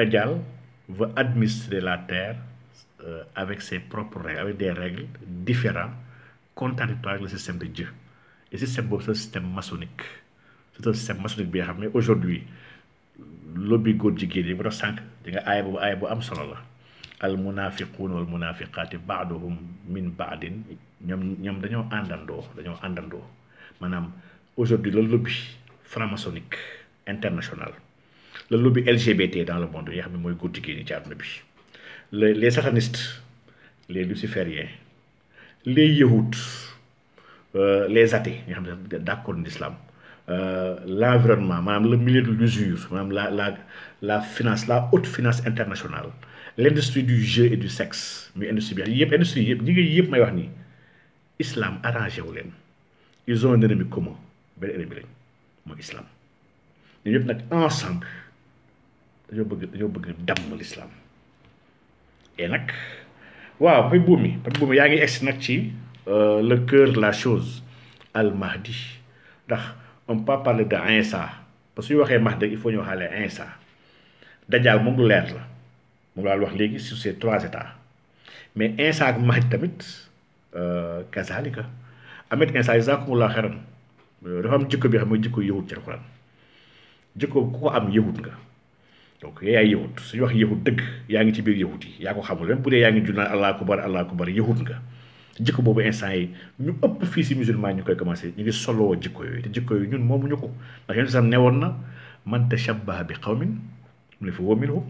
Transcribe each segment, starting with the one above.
Dajjal veut administrer la terre euh, avec ses propres règles, avec des règles différentes, contradictoires avec le système de Dieu. Et ce c'est ce système maçonnique. C'est un système maçonnique bien mais aujourd'hui, lobby góor jigéen yi bu tax di nga bu am solo la al munafiqun wal min ba'dhum min baadin ñom ñom dañoo andando dañoo andando manam aujourd'hui le lobby franc-maçonnique international le lobby LGBT dans le monde les satanistes les lucifériens les yéhouts, euh, les athées d'accord avec l'islam euh, l'environnement le milieu de l'usure la la la finance la haute finance internationale l'industrie du jeu et du sexe l'industrie industrie jeu et industrie sexe, ñi ngi may wax islam arrangé ils ont un ennemi commun l'islam. ennemi lañ mooy islam ensemble dañoo bëgg dam bëgg damm lislaam nag waaw Pape Oumy Pape Oumy yaa ngi egsi nag ci euh, le cœur la chose al mahdi ndax on peut parler de Insa parce que waxee mahdi il faut ñu waxaale Insa dajaal moom lu leer la moom laa wax léegi sur ces trois états mais Insa ak mahdi tamit euh, kazalika amet Insa jazakumullah xeran euh, dafa am jikko bi xam ne jikko yëwut ci alxuraan jikko ku ko am yëwut nga donc yow yaay yahut suñu wax yahut dëgg yaa ngi ci biir yahut yi yaa ko xamul même bu dee yaa ngi junnaan allah kubar allah kubar yahut nga jikko boobu instant yi ñu ëpp fii si musulman ñu koy commencé ñu ngi soloo jikko yooyu te jikko yooyu ñun moomuñu ko ndax yéen sax newoon na man tashabbaha bi qawmin li fa huwa minhum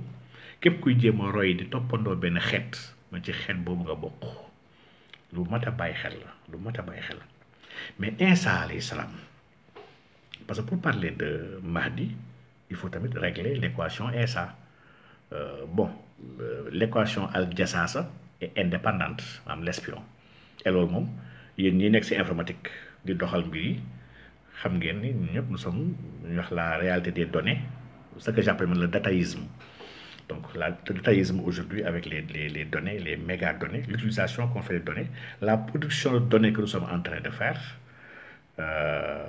képp kuy jéem a roy di toppandoo benn xeet man ci xeet boobu nga bokk lu mat a bàyyi xel la lu mat a bàyyi xel mais instant alayhi salaam parce que pour parler de Mahdi il faut régler l'équation SA. euh, bon euh, l'équation à est indépendante même l'espion et alors, il y a une ci informatique de doxal nous sommes la réalité des données ce que j'appelle le dataïsme donc la, le dataïsme aujourd'hui avec les, les, données, les méga données, l'utilisation qu'on fait des données, la production de données que nous sommes en train de faire, euh,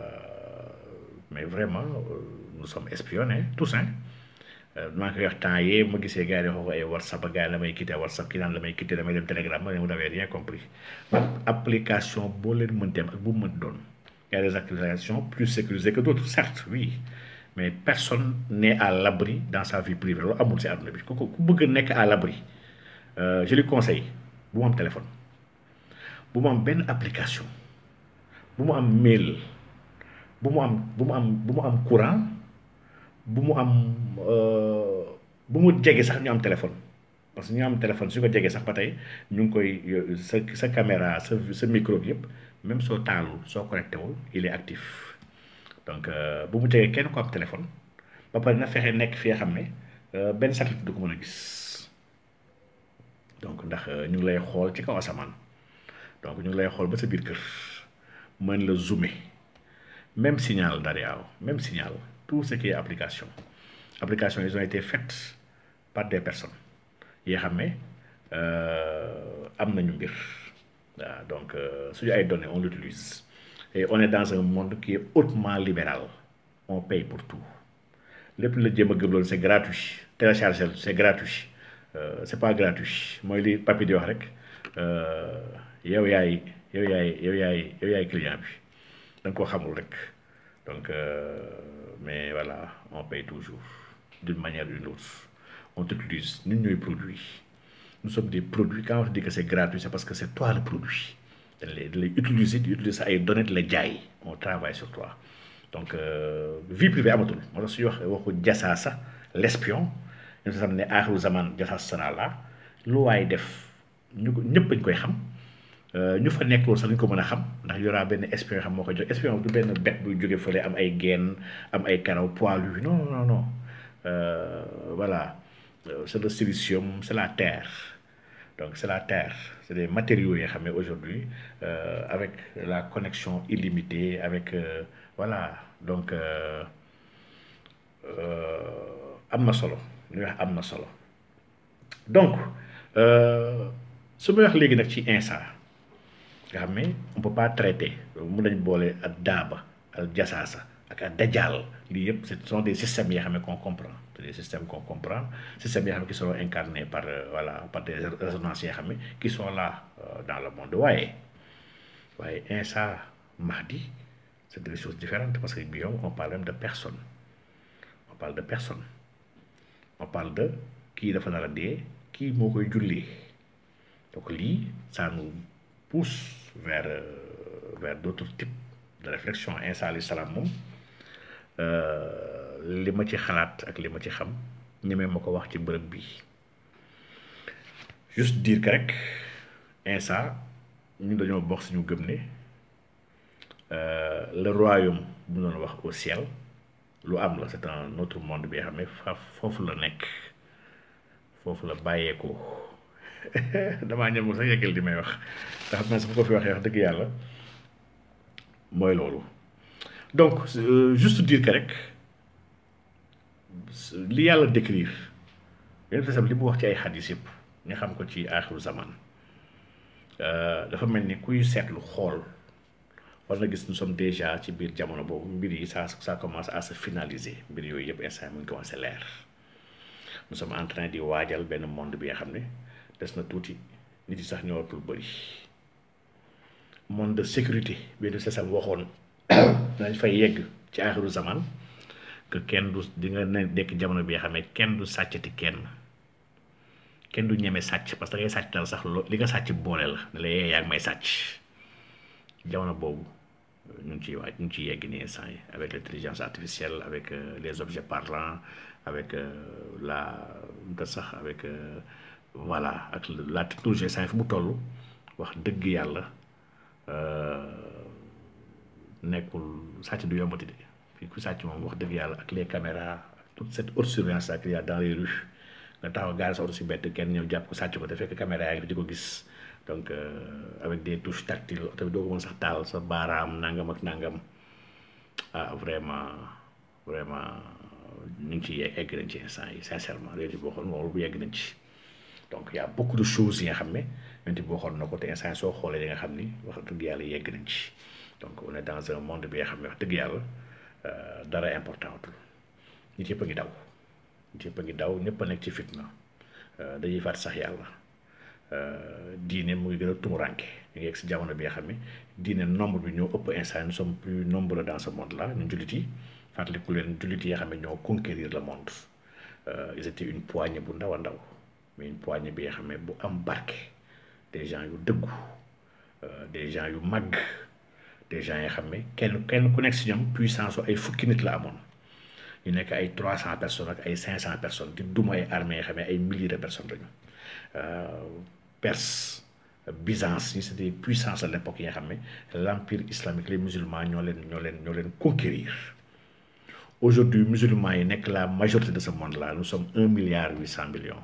mais vraiment, euh, nous sommes espionnés tous hein euh, whatsapp whatsapp telegram vous rien compris application boo leen bu a des applications plus sécurisées que d'autres certes oui mais personne n'est à l'abri dans sa vie privée à l'abri euh, je lui conseille bu téléphone bu application bu mail bu courant. bu mu am euh, bu mu jege sax ñu am téléphone parce que ñu am téléphone su ko jegee sax ba tey ñu ngi koy euh, sa sa caméra sa sa micro yëpp même soo taalul soo connecté wul il est actif donc euh, bu mu jegee kenn ko am téléphone ba pare na fexe nekk fi nga xam ne benn satellite du ko mën a gis donc ndax ñu ngi lay xool ci kaw asamaan donc ñu ngi lay xool ba sa biir kër mën la zoomer même signal daal di aaw même signal. tout ce qui est application applications ils ont été faites par des personnes et xam ne euh, am Donc, donc euh, qui ay données on l'utilise et on est dans un monde qui est hautement libéral on paye pour tout Le plus jéem a c'est gratuit télécharger c'est gratuit euh, c'est pas gratuit mooy li papi di wax rek yow il yow yaay yow yaay yow il client a da xamul donc, euh, mais voilà, on paye toujours, d'une manière ou d'une autre. On t'utilise, nous, nous, produits. Nous sommes des produits. Quand on dit que c'est gratuit, c'est parce que c'est toi le produit. De d'utiliser ça et donner de la jailles. On travaille sur toi. Donc, euh, vie privée, amatul. Moi, je suis ça l'espion. Nous sommes à Arouzamane, Diasasa là. L'OIDF, nous, nous, nous, nous, nous, nous euh, fa nekk loolu ko a xam ndax benn espion xam moo jox espion du am ay non non non euh, voilà euh, c'est le silicium c'est la terre donc c'est la terre c'est des matériaux aujourd'hui avec la connexion illimitée avec voilà donc am na solo wax solo donc su wax nga ne on peut pas traiter mun nañ ak daaba ak ce sont des systèmes qu'on comprend sont des systèmes qu'on comprend systèmes yoo xam ne qui sont incarnés par euh, voilà par des résonances qui sont là euh, dans le monde waaye waaye Insa Mahdi c'est des choses différentes parce que bi on parle même de personne on parle de personne on parle de kii dafa nar a qui kii moo koy lit. donc lii ça nous pousse vers, euh, vers d'autres types de réflexions. Un salut salam euh, Les matières halat avec les matières ham. Ni même quoi voir qui brûle Juste dire que Ensa, ça, nous devons boxer nous gommer. Le royaume nous voir au ciel. Lo c'est un autre monde bien, mais faut le Il faut le bailler damaa ñëw sax yeggal di may wax te xam su ma ko fi waxee wax dëgg yàlla mooy loolu donc euh, juste dire que rek li yàlla décrire yéen fasam li mu wax ci ay xadis yëpp ñu xam ko ci aaxiru zaman euh, dafa mel ni kuy seetlu xool war gis nous sommes déjà ci biir jamono boobu mbir yi ça sa commence à se finaliser mbir yooyu yëpp instant mu ngi commencé leer nous sommes en di waajal benn monde bi nga xam ne des na tuuti nit yi sax ñëwatul bëri monde de sécurité bi du sesam waxoon dañ fay yegg ci aaxiru zaman que kenn du di dekk jamono bi xam ne kenn du sàccati kenn kenn du ñeme sàcc parce que da ngay sàcc daal sax loo li nga sàcc boole la ne la eh, yee may sàcc jamono boobu ñu ngi ciy waaj ñu ngi ciy yegg nii instant avec l' intelligence artificielle avec euh, les objets parlants avec euh, la mu sax avec euh, voilà ak la technologie saa fi mu toll wax dëgg yàlla euh, nekkul sàcc du yombati de fii ku sàcc moom wax dëgg yàlla ak les caméras ak set cette haute surveillance là qu'il y a dans les rues nga taxaw gaari sa oto si bett kenn ñëw jàpp ko sàcc ko de fekk caméra yaa ngi di ko gis donc euh, avec des touches tactiles oto bi doo ko mën sax taal sa baaraam nangam ak nangam ah, vraiment vraiment ñu ci yegg nañ ci instant yi sincèrement léegi boo xool loolu bu yegg nañ ci. donc il y' a beaucoup de choses yi nga xamné ne yonent bi waxoon nako té instant so xolé di nga xamni wax dëgg yalla yegg nañ ci donc on est dans un monde bi nga xamné wax dëgg euh dara important tul nit yëpp a ngi daw nit yëpp a ngi daw ñëpp a ci fitna euh, dañuy faat sax euh diiné mu ngi gëna a ranké ñu ngi egg si jamono bi nga xam diiné nombre bi ñoo ëpp instant nous sommes plus nombreux dans ce monde là ñu jullit yi fàttaliku leen yi nga xam ñoo conquérir le monde euh, ils étaient une poignée bu ndaw a ndaw mais une poignée bi nga des gens yu ont euh, des gens qui Mag, des gens yi xam quelle connexion qui ku des si Il puissance a ay nit la a nekk ay personnes ak ay cinq personnes di duma a armée yi milliers de personnes Perses, euh, Perse Byzance c'était puissance à l'époque yi l'empire islamique les musulmans ils ont ñoo Aujourd'hui, les conquérir aujourd'hui musulmans yi nekk la majorité de ce monde là nous sommes 1,8 milliard huit millions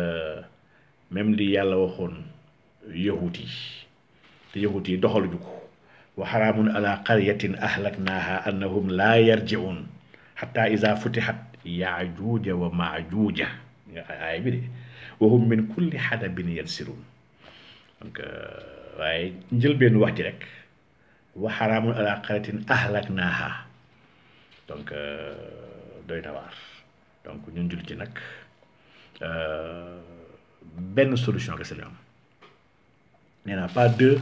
même li yàlla waxoon yahudi te yahudi yi doxaluñu ko wa haramun ala qaryatin ahlaknaha annahum la yarjiun hatta iza futihat ya'juj wa ma'juj ay bi de wa hum min kulli hadabin yansirun donc way waaye ben wax ci rek wa haramun ala qaryatin ahlaknaha donc doy na donc ñun jul ci nag benn solution que la am il n'y en a pas deux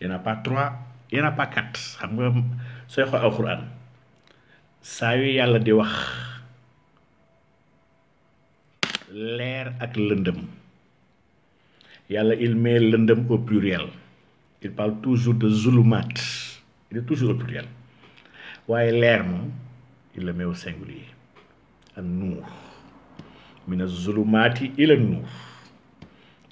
il n'y en a pas trois il n'y en a pas quatre xam nga sooy xool alxuraan saa yu yàlla di wax leer ak lëndëm yàlla il met lëndëm au pluriel il parle toujours de zulumat il est toujours au pluriel waaye leer moom il le met au singulier ak nuur mina zulumaati en nuur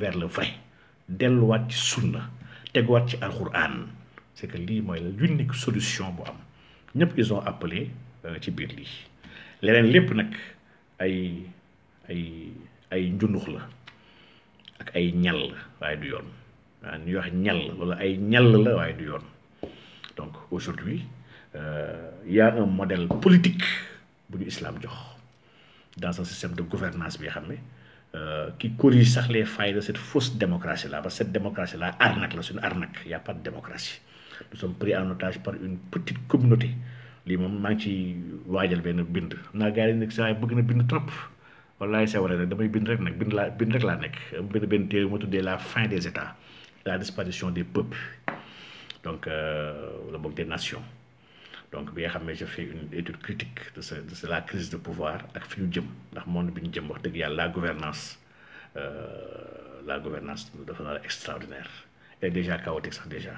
vers le vrai delluwaat ci sunna teguwaat ci alquran c'est que lii mooy l'unique solution bu am ñëpp ils ont appelé euh, ci biir lii leneen lépp nag ay ay ay njundux la ak ay ñal la waaye du yoon waaw wax ñal wala ay ñal la waaye du yoon donc aujourd'hui il euh, y a un modèle politique bu ñu islam jox dans un système de gouvernance bi xam qui euh, corrige sax les failles de cette fausse démocratie là parce que cette démocratie là arnaque la suñu arnaque y' a pas de démocratie nous sommes pris en otage par une petite communauté Li mom maa ngi ci waajal benn bind xam naa gars yi nag saa bëgg na bind trop wallaay sa war a damay bind rek nag bind laa bind rek laa nekk bind benn téere ma tuddee la fin des états la disparition des peuples donc euh, la boog des nations donc bi nga xam ne je fais une étude critique de ce de la crise de pouvoir ak fi ñu jëm ndax monde bi ñu jëm wax dëgg yàlla la gouvernance euh, la gouvernance dafa nar extraordinaire et déjà chaotique sax déjà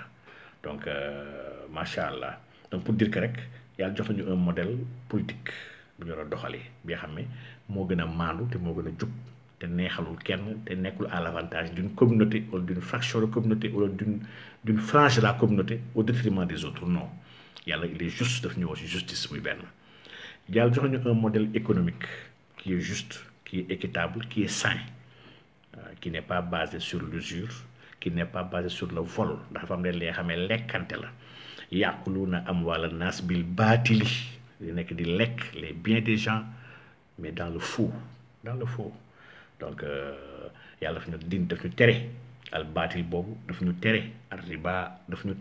donc euh, macha allah donc pour dire que rek yàlla jox nañu un modèle politique bu ñu war a doxalee bi nga xam ne moo gën a maandu te moo gën a jub te neexalul kenn te nekkul à l'avantage d'une communauté wala d'une fraction de communauté wala d'une d'une frange de la communauté au détriment des autres non il est juste daf ñu aussi justice muy benn yàlla jox ñu un modèle économique qui est juste qui est équitable qui est sain euh, qui n'est pas basé sur l'usure qui n'est pas basé sur le vol ndax dafa leen li xamé xamee lekkante la yàquluuna am wala naas bil baatili di di lek les biens des gens mais dans le faux dans le faux donc euh, yàlla daf ñu din daf ñu al batil bobu daf ñu tere riba ñu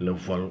le vol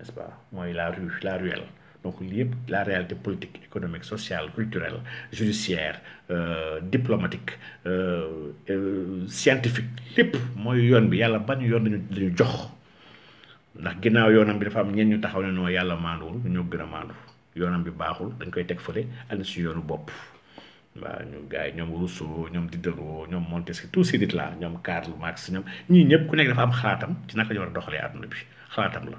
n'est-ce pas mooy la rue la ruelle donc lii la réalité politique économique sociale culturelle judiciaire euh, diplomatique euh, euh scientifique lépp mooy yon, bi yalla, ban yon, lañu lañu jox ndax ginaaw yoonam bi dafa am ñenn ñu taxaw ne noo yàlla maanduwul ñu ñoo gën a maandu yoonam bi baaxul dañ koy teg fële ànd si yoonu bopp waaw ñu gars yi ñoom Rousseau ñoom Diderot ñoom Montesquieu tous ces dites là ñoom Karl Marx ñoom ñii ñëpp ku nekk dafa am xalaatam ci naka ñu war a doxalee àdduna bi xalaatam la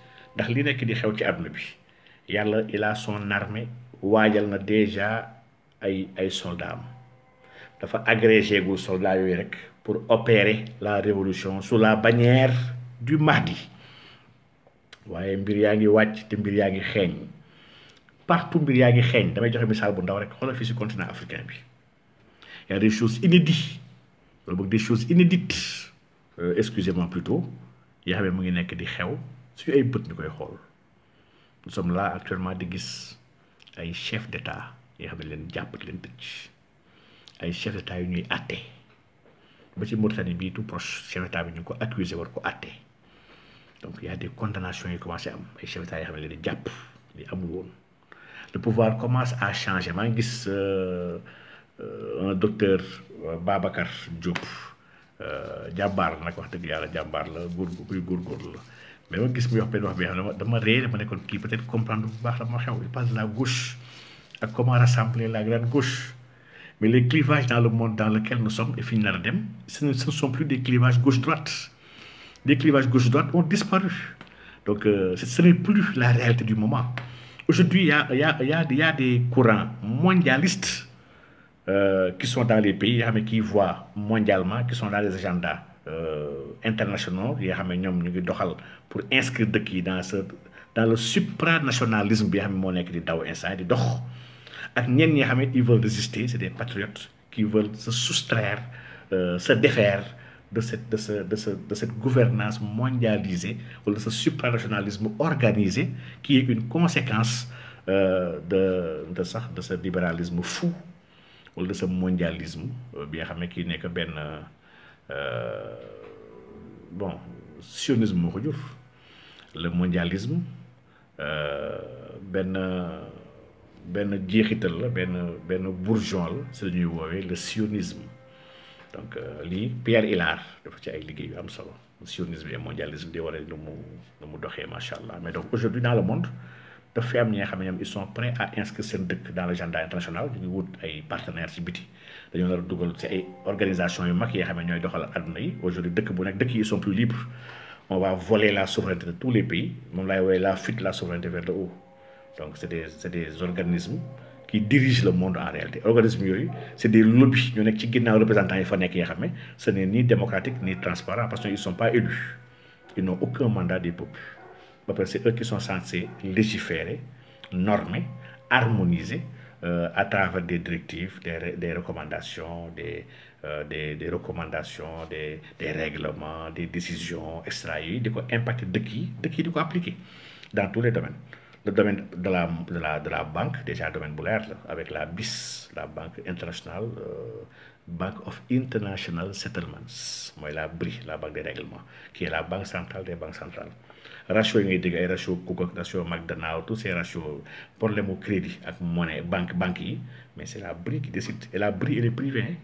ndax li nekk di xew ci àdduna bi yàlla il a son armée waajal na déjà ay ay soldats am dafa agrégé gul soldats yooyu rek pour opérer la révolution sous la bannière du Mahdi waaye mbir yaa ngi wàcc te mbir yaa ngi xeeñ partout mbir yaa ngi xeeñ damay joxe misaal bu ndaw rek xoolal fii si continent africain bi y a des choses inédites loolu boog des choses inédites euh, excusez-moi plutôt yoo xam mu ngi nekk di xew su ay bët ñu koy xool nous sommes là actuellement di gis ay chef d'état yi yoo xam ne leen jàpp leen tëj ay chef d'état yu ñuy atté ba ci mourtani bii tout proche chef d'état bi ñu ko accusé war ko atté donc il y a des condamnations yu commencé am ay chef d'état yi yoo xam ne leen jàpp li amul woon le pouvoir commence à changer maa ngi gis un euh, euh, docteur euh, Babacar Diop jàmbaar nag wax dëgg yàlla jàmbaar la góor kuy góorgóorlu la mais même gis muy wax benn wax bi je dama réer ma nekkoon kii peut-être comprendre la la gauche à comment rassembler la grande gauche mais les clivages dans le monde dans lequel nous sommes et fi ce ne sont plus des clivages gauche-droite les clivages gauche-droite ont disparu donc euh, ce n'est plus la réalité du moment aujourd'hui il y a, a, des courants mondialistes euh, qui sont dans les pays hein, mais qui voient mondialement qui sont dans les agendas euh, internationaux pour inscrire dans dans le supranationalisme bi nga xam ne moo nekk di daw instant di veulent résister c'est des patriotes qui veulent se soustraire euh, se défaire de cette de ce de ce de cette gouvernance mondialisée ou de ce supranationalisme organisé qui est une conséquence euh, de de de ce libéralisme fou ou de ce mondialisme bi nga xam ne kii euh, bon sionisme moo le mondialisme ben ben jeexital la ben ben bourgeois la si la le sionisme donc euh, lii Pierre Hillard dafa ci ay liggéey yu am solo sionisme et mondialisme di waree nous mu nu mu masha'allah. mais donc aujourd'hui dans le monde les femmes ils sont prêts à inscrire ce dëkk dans l'agenda international Ils ont wut partenaires ci biti organisations sont plus libres on va voler la souveraineté de tous les pays On va fuir la fuite la souveraineté vers le haut donc c'est des des organismes qui dirigent le monde en réalité organismes sont c'est des lobbies ñu sont ci représentants ce n'est ni démocratique ni transparent parce qu'ils ne sont pas élus ils n'ont aucun mandat des peuples c'est eux qui sont censés légiférer normer harmoniser euh, à travers des directives des, recommandations euh, des, des recommandations des règlements des décisions extra de quoi impacter de qui, de qui appliquer dans tous les domaines le domaine de la banque déjà domaine boulard avec la BIS la banque internationale euh, Bank of International Settlements la BRI la banque des règlements qui est la banque centrale des banques centrales ratio yi ngay dégg ay ratio Cook ak ratio McDonald tous ces ratio problème mu crédit ak monnaie banque banque yi mais c' est la BRI qui décide et la BRI elle est privée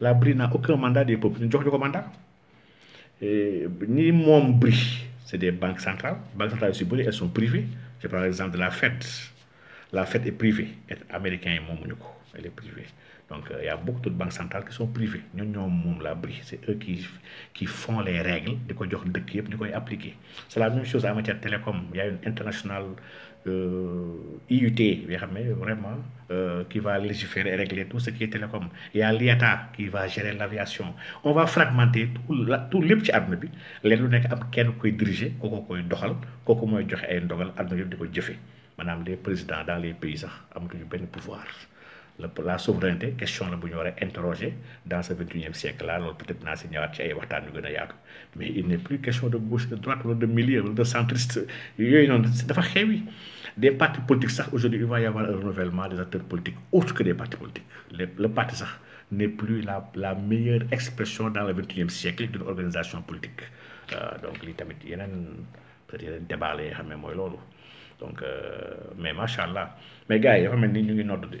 la BRI n'a aucun mandat des peuples ñu jox ñu ko mandat Ni moom BRI c' est des banques centrales banques centrales aussi, bëri elles sont privées je prends exemple de la FED la FED est privée et américains yi moomuñu ko elle est privée donc, il euh, y a beaucoup de banques centrales qui sont privées. Nous, nous, la C'est eux qui, font les règles, de quoi appliquer. C'est la même chose en matière de télécom. Il y a une internationale euh, IUT, euh, qui va légiférer et régler tout ce qui est télécom. Il y a l'IATA qui va gérer l'aviation. On va fragmenter tout, le petit Les qui qui qui qui qui qui la la souveraineté question la bu ñu interrogée dans ce 21e siècle là peut-être que nous avons ci ay waxtaan yu mais il n'est plus question de gauche de droite de milieu de centriste C'est vrai. dafa des partis politiques aujourd'hui il va y avoir un renouvellement des acteurs politiques autre que des partis politiques le le parti ça, n'est plus la la meilleure expression dans le 21e siècle d'une organisation politique euh, donc il y a peut-être débat qui est donc euh, mais machallah. mais gars il y mel ni ñu ngi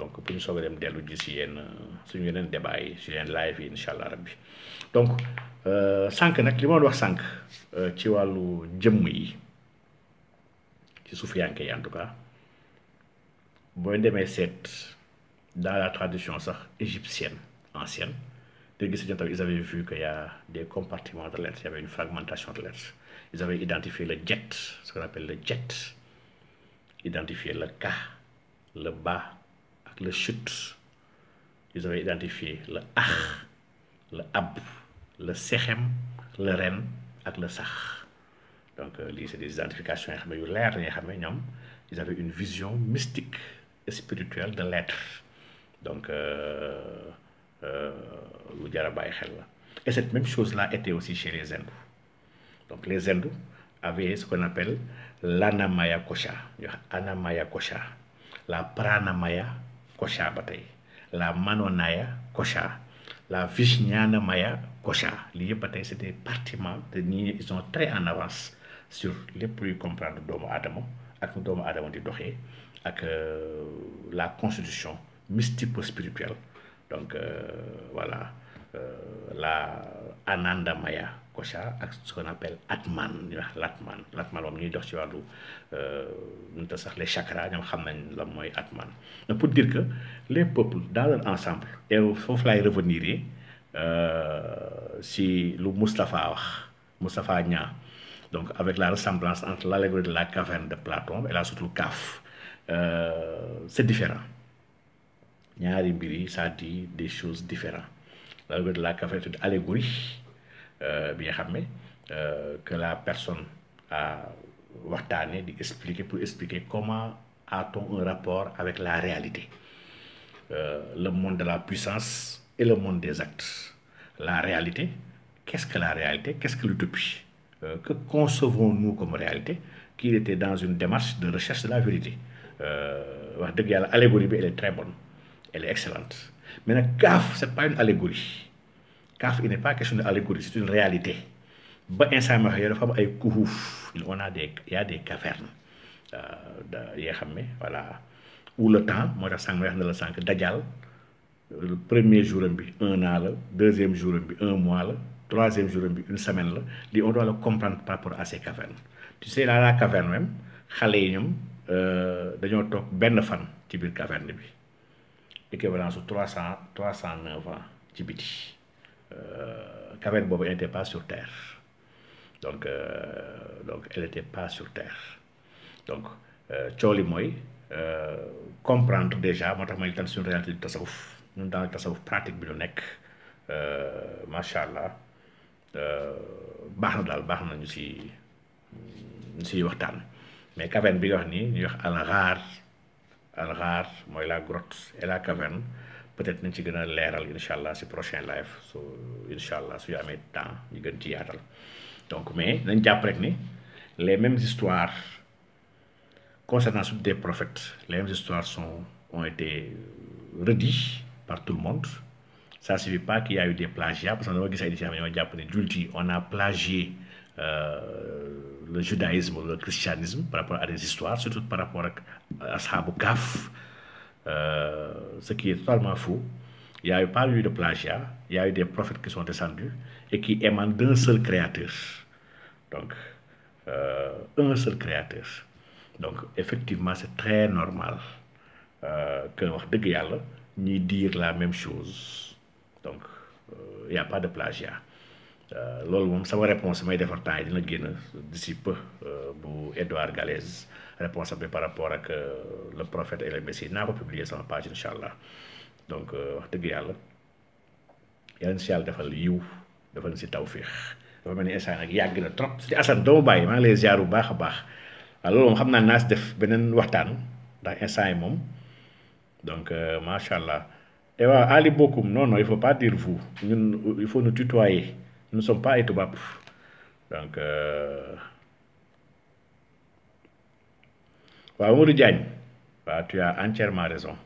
donc pour nous sauver dem dellu ji si yenn suñu débat sur un live yi rabbi donc sànq euh, nag li ma wax sànq euh, ci Qui jëmm yi ci sufiyanke en tout cas dans la tradition ça, égyptienne ancienne ils avaient vu qu'il y a des compartiments de lettres, il y avait une fragmentation de lettres. ils avaient identifié le jet ce qu'on appelle le jet identifié le K, le bas, le chut ils avaient identifié le ach le ab le sechem, le ren et le sach donc euh, c'est des identifications ils avaient une vision mystique et spirituelle de l'être donc l'ou euh, euh et cette même chose là était aussi chez les hindous donc les hindous avaient ce qu'on appelle l'anamaya kosha l'anamaya kosha la pranamaya Kosha, batay la Manonaya Kocha la vishnyana Maya kosha. liye ba c'est des partiment ni ils sont très en avance sur les pour comprendre doomu adamo ak adamo di ak euh, la constitution mystico-spirituelle donc euh, voilà euh, la Ananda Maya kocha ak ce qu'on appelle Atman Latman Latman moom ñuy dox ci wàllu ñu euh, les chakras ñoom xam nañ lan Atman donc pour dire que les peuples dans leur ensemble et fof lay revenir sur euh, si lu Mustafa, wax donc avec la ressemblance entre l'allégorie de la caverne de Platon et la soute kaf, euh, c'est différent ñaari mbiri ça dit des choses différentes l'allégorie de la caverne c'est une allégorie euh, bien euh, que la personne a expliqué pour expliquer comment a-t-on un rapport avec la réalité euh, le monde de la puissance et le monde des actes la réalité qu'est-ce que la réalité qu'est-ce que l'utopie que concevons-nous comme réalité qu'il était dans une démarche de recherche de la vérité l'allégorie est très bonne elle est excellente mais gaffe, ce c'est pas une allégorie CAF, il n'est pas question d'allégorie, c'est une réalité. il On a des, il y a des cavernes euh, voilà, où le temps, moi que Dajjal, le premier jour, un an, le deuxième jour, un mois, le troisième jour, une semaine, on doit le comprendre par rapport à ces cavernes. Tu sais, là, la caverne même, xalé yi ñoom euh, dañoo toog benn fan ci biir caverne bi équivalence su trois cent trois cent neuf ans ci biti caverne euh, n'était pas sur terre donc euh, elle n'était pas sur terre donc euh, Choli Moy, comprendre déjà moi réalité du tasawuf pratique mais caverne bi al la grotte et la caverne peut-être nañ ci gën a leeral incha prochain live su si si il y temps un gën donc mais nous jàpp rek les mêmes histoires concernant des prophètes les mêmes histoires sont ont été redites par tout le monde ça ne suffit pas qu'il y a eu des plagiats parce que nous avons dit éditions on a plagié euh, le judaïsme le christianisme par rapport à des histoires surtout par rapport à asxaabu Kaf euh, ce qui est totalement faux. Il n'y a eu pas eu de plagiat, il y a eu des prophètes qui sont descendus et qui émanent d'un seul créateur. Donc, euh, un seul créateur. Donc, effectivement, c'est très normal euh, que de ni dire la même chose. Donc, il euh, n'y a pas de plagiat. loolu moom sama réponse mais defar temps dina génn d'ici peu bu Edouard Galez. responsable par rapport ak le prophète et eh, le messie naa ko publier sama page inshallah donc wax deug yalla yalla inshallah defal yu defal ci tawfiix dafa melni ni nak yag na trop ci asan do baye ma ngi lay ziar bax baax a baax waaw loolu def benen waxtan da instant mom moom donc macha allah et waa Ali Bokum non non il faut pas dire vous ñun il faut nous tutoyer nous ne sommes pas ay tubaab donc. Eh, waaw Modou Diagne waaw tu as entièrement raison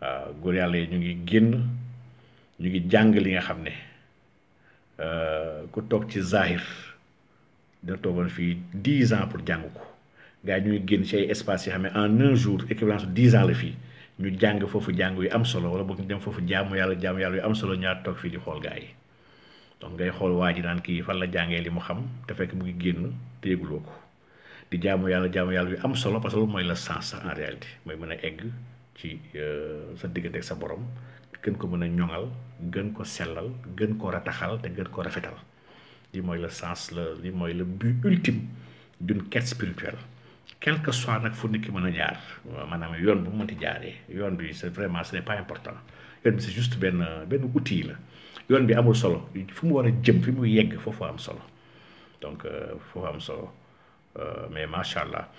waaw góor yàlla yi ñu ngi génn ñu ngi jàng li nga xam ne euh, ku toog ci zahir da toogoon fii dix ans pour jàng ko gars yi ñu ngi génn ci ay espaces yoo xam ne en un jour équivalence dix ans la fii ñu jàng foofu jàng yu am solo wala boog ñu dem foofu jaamu yàlla jàmm yàlla yu am solo ñaar toog fii di xool gars yi donc ngay xool waa ji naan kii fan la jàngee li mu xam te fekk mu ngi génn te ko di jamu yalla jamu yalla bi am solo parce que moy mooy la sens en réalité moy meuna egg ci eh, sa digënté ak sa borom gën ko meuna ñongal gën ko sellal gën ko rataxal té gën ko rafetal di moy le sens le li moy le but ultime d'une quête spirituelle quel que soit nak fu nit meuna mën a jaar maanaam yoon bu mu mënti yoon bi c'est vraiment ce n'est pas important yoon bi c'est juste ben ben outil la yoon bi amul solo fu mu wara jëm fi mu yegg fofu am solo donc euh, fofu am solo mais macha allah.